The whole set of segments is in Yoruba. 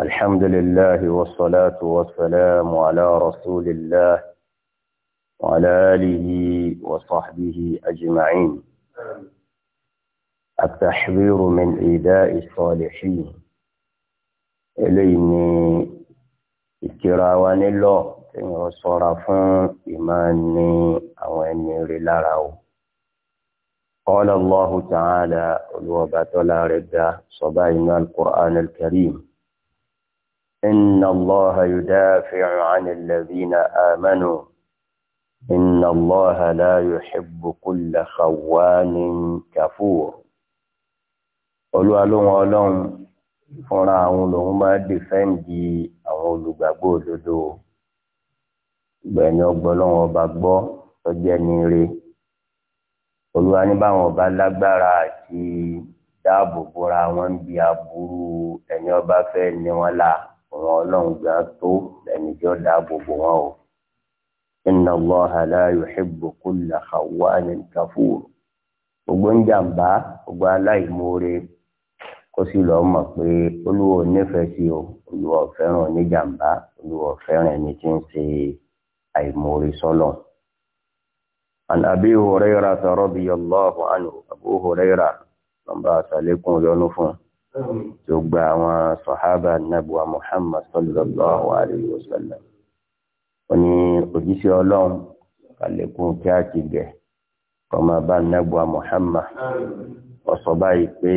الحمد لله والصلاة والسلام على رسول الله وعلى آله وصحبه أجمعين التحذير من إيذاء الصالحين إليني ìkìrawa الله kéèyàn ṣọ́ra fún ìmáàní àwọn قال الله تعالى olùwàbàtọ́lá rẹ̀ ga sọ القرآن الكريم. إن الله يدافع عن الذين آمنوا إن الله لا يحب كل خوان كفور Olúwa lóhun Ọlọ́run fúnra àwọn lòun máa dìfẹ́ǹdì àwọn olùgbàgbọ́ òdodo gbẹ̀yìn ọgbọ́lọ́wọ́ ọba gbọ́ tọ́jẹ́ níire Olúwa ní báwọn ọba lágbára àti dáàbò bora wọn ń bi aburú ẹ̀yìn ọba fẹ́ ni wọ́n là ọ̀rọ̀ ọlọ́run gbà tó lẹ́ni tí ó dáàbò bò wọ́n o. inna Allaha la yuhibbu kulla khawanin kafur. gbogbo ń jàǹbá gbogbo aláìmoore kó sì lọ́ mọ̀ pé olúwo nífẹ̀ẹ́ sí o olúwo fẹ́ràn oníjàǹbá olúwo fẹ́ràn ẹni tí ń ṣe àìmoore sọ́lọ̀. عن أبي هريرة رضي الله عنه أبو هريرة لما àtàlékún yọnu fún gbogbo àwọn sọ̀hábà nàbùwà Muhammad sallallahu alayhi wa sallam wọ́n ní òjíṣẹ́ ọlọ́run kàlẹ́kùn kí á ti gẹ̀ kọ́mọ bá nàbùwà Muhammad wọ́n sọ báyìí pé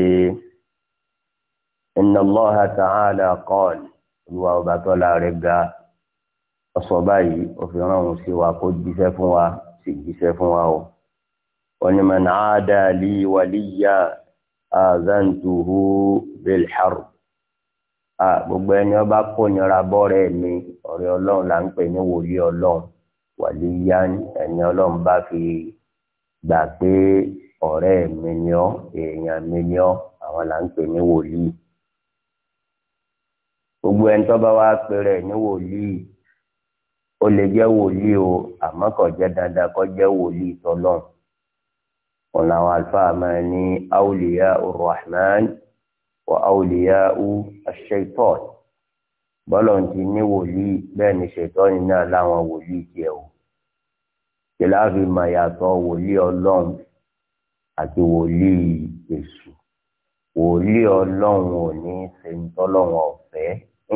inna Allaha ta'ala qala olúwa ọba tọ́lá rẹ̀ ga wọ́n sọ báyìí òfin ránun sí wa kó jíṣẹ́ fún wa sì jíṣẹ́ fún wa o wọ́n ní man aada li waliya azantuhu bilharb a gbogbo ẹni ọba kó nira bọ́rẹ̀ mi ọ̀rẹ́ ọlọ́run là ń pè ní wòlíì ọlọ́run wàlíyán ẹni ọlọ́run bá fi gbà pé ọ̀rẹ́ mi ni ọ́ èèyàn mi ni ọ́ àwọn là ń pè ní wòlíì gbogbo ẹni tó bá pèrè ní wòlíì ó lè jẹ́ wòlíì o àmọ́ kò jẹ́ dandan kó jẹ́ wòlíì tọ́lọ́run ọ̀nà àwọn àlùfáà máa ní awliya urrahman wa awliya ash-shaytan bọ́lọ̀ ti ní wòlíì bẹ́ẹ̀ ni ṣaitan náà láwọn wòlíì tiẹ̀ o kìláàfi máa yàtọ̀ wòlíì ọlọ́run àti wòlíì èṣù wòlíì ọlọ́run ò ní ṣe ń tọ́lọ́run ọ̀fẹ́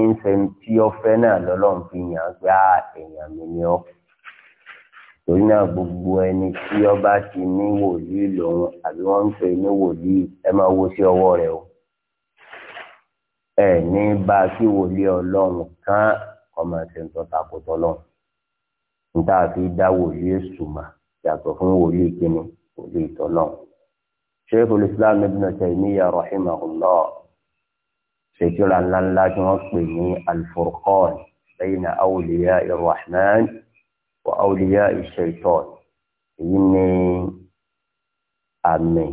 ń ṣe ń tí ọ̀fẹ́ náà lọ́lọ́run fi yàn gbá èèyàn mi ní ọ̀fẹ́ torí náà gbogbo ẹni tí ọba ti ní wòlíì lòun àbí wọ́n ń pè ní wòlíì ẹ máa wo sí ọwọ́ rẹ̀ o ẹ ní bá a kí wòlíì ọlọ́run kán ọmọ ẹsẹ̀ ń tọ́ takòtò ọlọ́run níta fi dá wòlíì èsùmà yàtọ̀ fún wòlíì kínní wòlíì tọ́lọ́run Sheikhul Islam Ibn Taymiyyah rahimahullah ṣèkìlà ńláńlá tí wọ́n pè ní Al-Furqan bayna awliya ir-Rahman wa awliya shaitan èyí ni àmì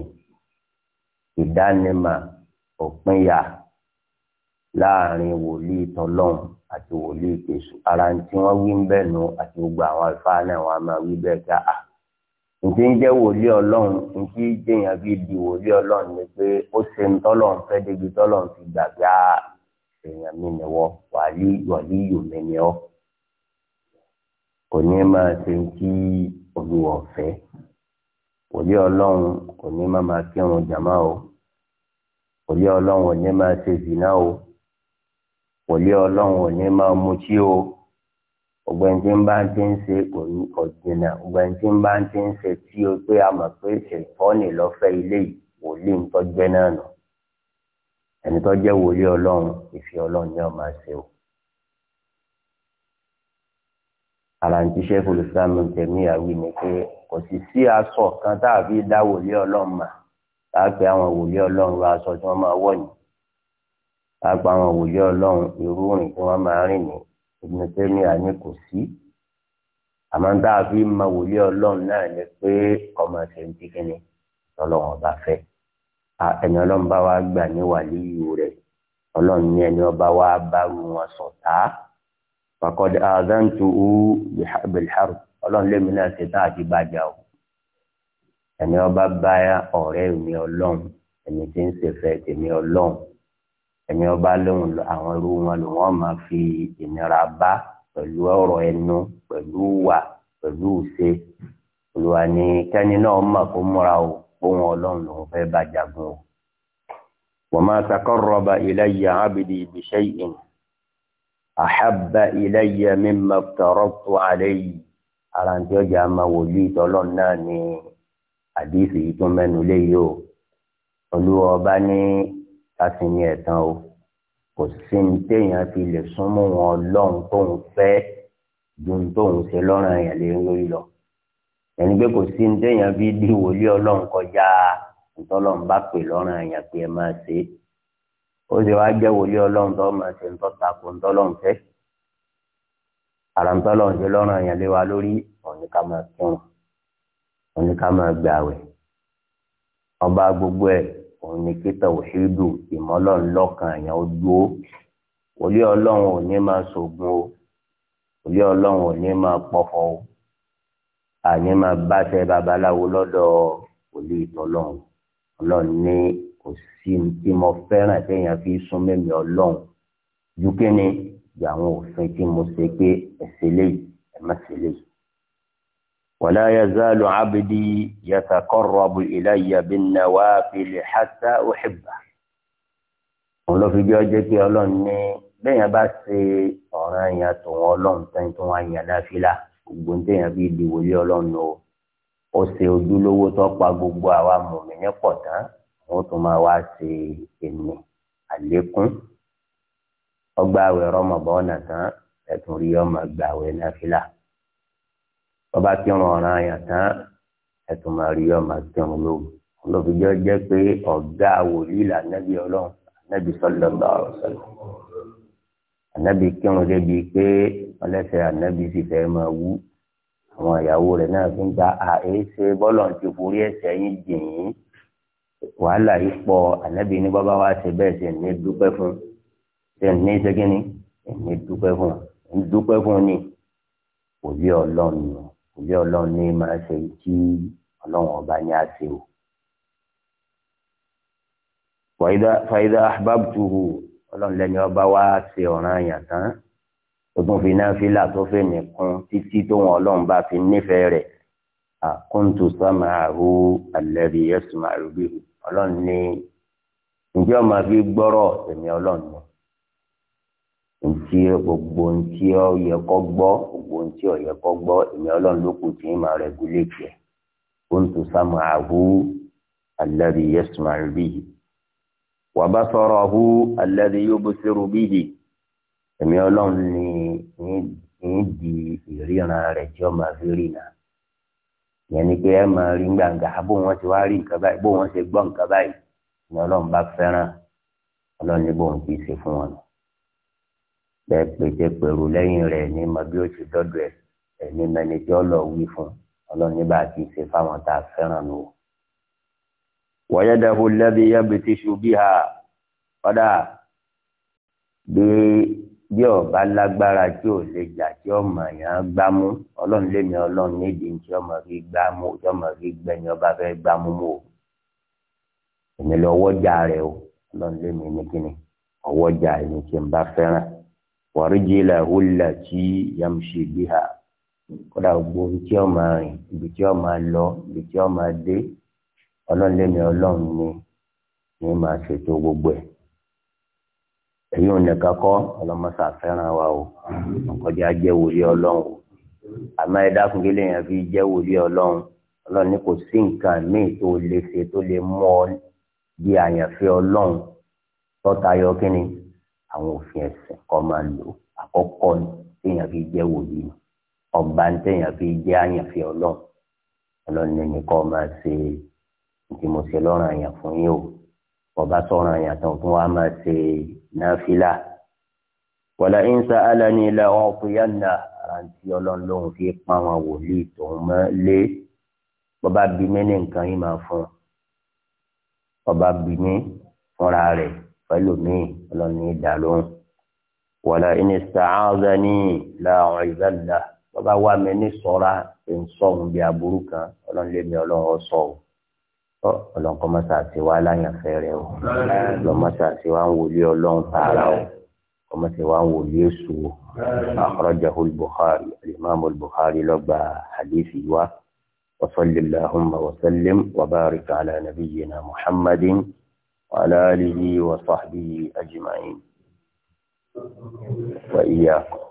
ìdánimà òpinya láàrin wòlíì tọlọ́run àti wòlíì tèṣù ara tí wọ́n wí ń bẹ̀ nù àti gbogbo àwọn àlùfáà náà wọ́n á máa wí bẹ́ẹ̀ ká à ah, ntí ń jẹ́ wòlíì ọlọ́run ntí jẹ́yàn bí di wòlíì ọlọ́run ni pé ó ṣe ń tọ́lọ́run fẹ́ débi tọ́lọ́run ti gbàgbá ah, èèyàn mi nìwọ wàlíì yòmí ni ọ́ kò ní máa ṣe kí olùwọ̀ fẹ́ òlé ọlọ́run kò ní máa máa kírun jàmá o òlé ọlọ́run ò ní máa ṣe zìnà o òlé ọlọ́run ò ní máa mutí o ọgbẹ́ntì ń bá ń ti ń ṣe kò ní ọ̀dìnà ọgbẹ́ntì ń bá ń ti ń ṣe tí o pé a mọ̀ pé ṣètọ́nì lọ́fẹ́ ilé yìí wòlíì ń tọ́jẹ́ náà nù ẹni tọ́jẹ́ wòlíì ọlọ́run ìfẹ́ ọlọ́run ni ọ máa o. àràǹtí sẹ́fùlù sàmù tẹ̀mí àwí ni pé kò sì sí aṣọ kan tá a fi dá wòlíì ọlọ́run mà tá a pe àwọn wòlíì ọlọ́run wa aṣọ tí wọ́n máa wọ̀ ní tá a pa àwọn wòlíì ọlọ́run irú rìn tí wọ́n máa rìn ní ìgbìmọ̀ tẹ̀mí àní kò sí àmọ́ tá ma wòlíì ọlọ́run náà ni pé ọmọ ṣe ń tíkínní lọ́lọ́wọ́n bá fẹ́ ẹni ọlọ́run bá wa gbà ní wàlíyù rẹ̀ ọlọ́run ní ẹni ọba wa bá rú wọn sọ̀tá faqad azantuhu bilharb ọlọ́run lèmi náà ṣe tá àti bàjá o ẹni ọba báyà ọ̀rẹ́ mi ọlọ́run ẹni tí ń ṣe fẹ́ tèmi ọlọ́run ẹni ọba lóhùn àwọn irú wọn ló wọn máa fi ìnira bá pẹ̀lú ọ̀rọ̀ ẹnu pẹ̀lú wà pẹ̀lú ṣe olùwà ni kẹ́ni náà mọ̀ kó múra o fóun ọlọ́run lòun fẹ́ bá jagun o. wa ma taqarraba ilayya abdi bi shay'in àhábà ilayya mimma aftaratu alayhi ara ń tí ọjà máa wòlíì tọ́lọ́ náà ní àdìsí tó mẹ́nu léyìí o olúwa ọba ní kásìmí ẹ̀tàn o kò sí ní téèyàn fi lè súnmọ́ wọn lọ́hùn tóun fẹ́ ju tóun ṣe lọ́rùn ẹ̀yàn lé lórí lọ ẹni pé kò sí ní téèyàn fi dí wòlíì ọlọ́run kọjá ìtọ́lọ́run bá pè lọ́rùn ẹ̀yàn pé ẹ máa ṣe é ó sì wáá jẹ́ wòlíì ọlọ́run tó máa ṣe ń tọ́ta kó ń tọ́lọ́run fẹ́ àràǹtọ́lọ́run ṣe lọ́rùn èèyàn lé wa lórí òní ká máa kírun òní ká máa gbààwẹ̀ ọba gbogbo ẹ̀ òun ni kí tàwùsídù ìmọ̀lọ́run lọ́kàn èèyàn ó dúó wòlíì ọlọ́run ò ní máa ṣògùn o wòlíì ọlọ́run ò ní máa pọ̀fọ̀ o àní máa báṣẹ babaláwo lọ́dọ̀ wòlíì tọ́lọ́run ọlọ́run ní kò sí tí mo fẹ́ràn téèyàn fi sún mẹ́mi ọlọ́run ju kí ni ju àwọn òfin tí mo ṣe pé ẹ̀sẹ̀ léyìí ẹ̀ má ṣe léyìí. ولا يزال عبدي يتقرب إلي بالنوافل حتى أحبه òun ló fi bí ọjọ́ pé ọlọ́run ní bẹ́ẹ̀yàn bá ṣe ọ̀ràn yẹn tó wọn ọlọ́run tán tó wọn yẹn náfìlà gbogbo ní tẹ̀yàn bí ìdí ọlọ́run o ó ṣe ojúlówó tó pa gbogbo àwa mùmí ní pọ̀ tán wọ́n tún máa wá ṣe èmi àlékún ọgbà àwẹ̀ rọmọbọ́ọ̀nà tán ẹ̀tún rí ọmọ gbà àwẹ̀ náfìlà ọba kírun ọ̀ràn àyàn tán ẹ̀tún máa rí ọmọ kírun lóru olùfijọ́ jẹ́ pé ọ̀gá wòlíì lànàbí ọlọ́run ànàbí sallallahu alaihi wasallam ànàbí kírun débi pé ọlẹ́sẹ̀ ànàbí sì fẹ́ máa wú àwọn ìyàwó rẹ̀ náà fi ń gba àhẹ́sẹ̀ bọ́lọ̀ ti forí ẹ̀sẹ̀ yín jìn yín wàhálà yìí pọ̀ ànábì ní bàbá wa ṣe bẹ́ẹ̀ ṣe ní dúpẹ́ fún ṣe ní ṣẹ́gínní ní dúpẹ́ fún ní dúpẹ́ fún ni òbí ọlọ́run ni òbí ọlọ́run ni máa ṣe tí ọlọ́run ọba ní àṣẹ o. fàyídà ahbabtuhu ọlọ́run lẹ́ni ọba wa ṣe ọ̀ràn àyàn tán o tún fi náfìlà tó fẹ́ nìkan títí tó wọn ọlọ́run bá fi nífẹ̀ẹ́ rẹ̀ àkóńtù sámàáhù alladhi yasma'u bihi ọlọ́run ní ǹjẹ́ ọmọ fi gbọ́rọ̀ èmi ọlọ́run ní ntí gbogbo ntí ó yẹ kó gbọ́ gbogbo ntí ó yẹ kó gbọ́ èmi ọlọ́run ló kù tí ń máa rẹgúlétì ẹ̀ kuntu sam'ahu alladhi yasma'u bihi wa basarahu alladhi yubsiru bihi èmi ọlọ́run ní ní di ìríran rẹ̀ tí ó máa fi rí náà yẹn ni pé ẹ máa rí gbàǹgà bó wọn ti wá rí nǹkan báyìí bó wọn ṣe gbọ́ nǹkan báyìí ni ọlọ́run bá fẹ́ràn ọlọ́run ní bóun kì í ṣe fún wọn. bẹ́ẹ̀ pété pèrú lẹ́yìn rẹ̀ ní mọ bí ó ti dọ́dọ̀ ẹ̀ ẹ̀mí mẹni tí ó lọ wí fún ọlọ́run ní bá ṣe fáwọn tá a fẹ́ràn lò. wọ́yẹ́dẹ́hu lẹ́bi yẹ́bi tíṣu bí ọ̀dà bí bí ọba lágbára tí ò lè jà tí ọmọ yẹn gbámú ọlọ́run lèmi ọlọ́run nídìí tí ọmọ rí gbámú tí ọmọ rí gbẹ̀yìn ọba fẹ́ gbámú mọ́ o èmi lọ wọ́jà rẹ o ọlọ́run lèmi ní kíni ọwọ́jà ẹni tí n bá fẹ́ràn wàríjì làhùlà tí yamṣe bí ha kódà gbogbo ibi tí ọmọ rìn ibi tí ọmọ lọ ibi tí ọmọ dé ọlọ́run lèmi ọlọ́run ni ni màá ṣètò gbogbo ẹ̀ èyí ò nìkan kọ́ ọlọ́mọṣà fẹ́ràn wa o ọkọjá jẹ́ wòlíì ọlọ́run o àmọ́ ẹ dákun kí lèèyàn fi jẹ́ wòlíì ọlọ́run ọlọ́run ní kò sí nǹkan míì tó lè ṣe tó lè mú ọ bí àyànfẹ́ ọlọ́run tọ́tayọ kí ni àwọn òfin ẹ̀sìn kọ́ máa lò àkọ́kọ́ téèyàn fi jẹ́ wòlíì ọba téèyàn fi jẹ́ àyànfẹ́ ọlọ́run ọlọ́run ní kọ́ máa ṣe ìdìmọ̀ṣẹ́ lọ́rùn àyàn fún yín o ọba sọ̀rọ̀ àyàtọ̀ tó wá máa ṣe náfìlà. wọ̀lá ń sa alani ilẹ̀ ọ̀pìyànà àǹtí ọlọ́run lòun fi pa àwọn wòlíì tòun mọ́ lé bọ́ba bí mi ní nǹkan yìí máa fún ọba bí mi fúnra rẹ̀ pẹ̀lú mi ọlọ́run ní ìdá lóhùn. wọ̀lá ń sa àǹzani ilẹ̀ ọ̀rìnzàlá wà mí ní sọ́ra ń sọ̀hún aburú kan ọlọ́run lé mi ọ ọlọ́nkọ́ mọ́sá àti wá láyànfẹ́ rẹ o ọlọ́mọ́sá àti wá ń wòlé ọlọ́run tààrà o ọmọsá wá ń wòlé èṣù o akhrajahu al-Bukhari al-Imam al-Bukhari lọ́gba hadithi wa wasalli allahumma wasallim ala nabiyyina muhammadin wa alihi wa sahbihi wa iyyakum.